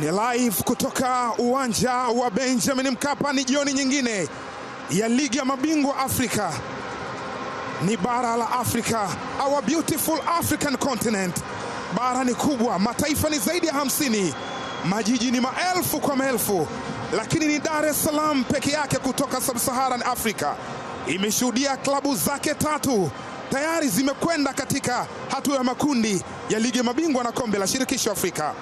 Ni live kutoka uwanja wa Benjamin Mkapa. Ni jioni nyingine ya ligi ya mabingwa Afrika, ni bara la Afrika, our beautiful African continent. Bara ni kubwa, mataifa ni zaidi ya hamsini, majiji ni maelfu kwa maelfu, lakini ni Dar es Salaam peke yake kutoka Sub-Saharan Africa imeshuhudia klabu zake tatu tayari zimekwenda katika hatua ya makundi ya ligi ya mabingwa na kombe la shirikisho Afrika.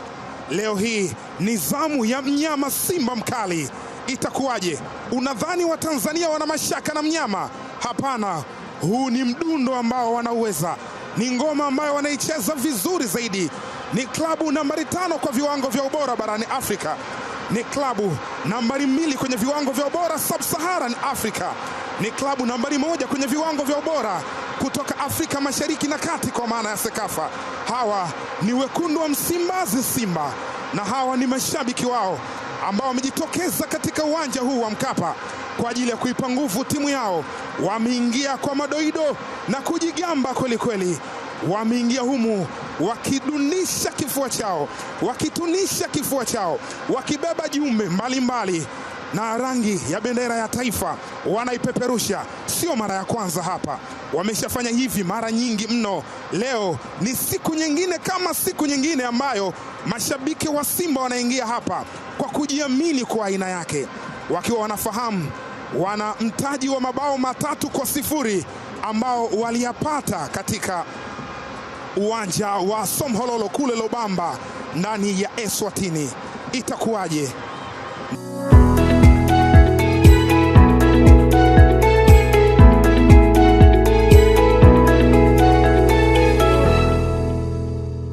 Leo hii ni zamu ya mnyama simba mkali. Itakuwaje? Unadhani Watanzania wana mashaka na mnyama? Hapana, huu ni mdundo ambao wanauweza, ni ngoma ambayo wanaicheza vizuri zaidi. Ni klabu nambari tano kwa viwango vya ubora barani Afrika, ni klabu nambari mbili kwenye viwango vya ubora sub-Saharan Afrika, ni klabu nambari moja kwenye viwango vya ubora kutoka Afrika Mashariki na Kati kwa maana ya Sekafa. Hawa ni wekundu wa Msimbazi, Simba, na hawa ni mashabiki wao ambao wamejitokeza katika uwanja huu wa Mkapa kwa ajili ya kuipa nguvu timu yao. Wameingia kwa madoido na kujigamba kweli kweli, wameingia humu wakidunisha kifua chao, wakitunisha kifua chao, wakibeba jumbe mbalimbali mbali na rangi ya bendera ya taifa wanaipeperusha. Sio mara ya kwanza hapa, wameshafanya hivi mara nyingi mno. Leo ni siku nyingine kama siku nyingine ambayo mashabiki wa Simba wanaingia hapa kwa kujiamini kwa aina yake, wakiwa wanafahamu wana mtaji wa mabao matatu kwa sifuri ambao waliyapata katika uwanja wa Somhololo kule Lobamba ndani ya Eswatini. Itakuwaje?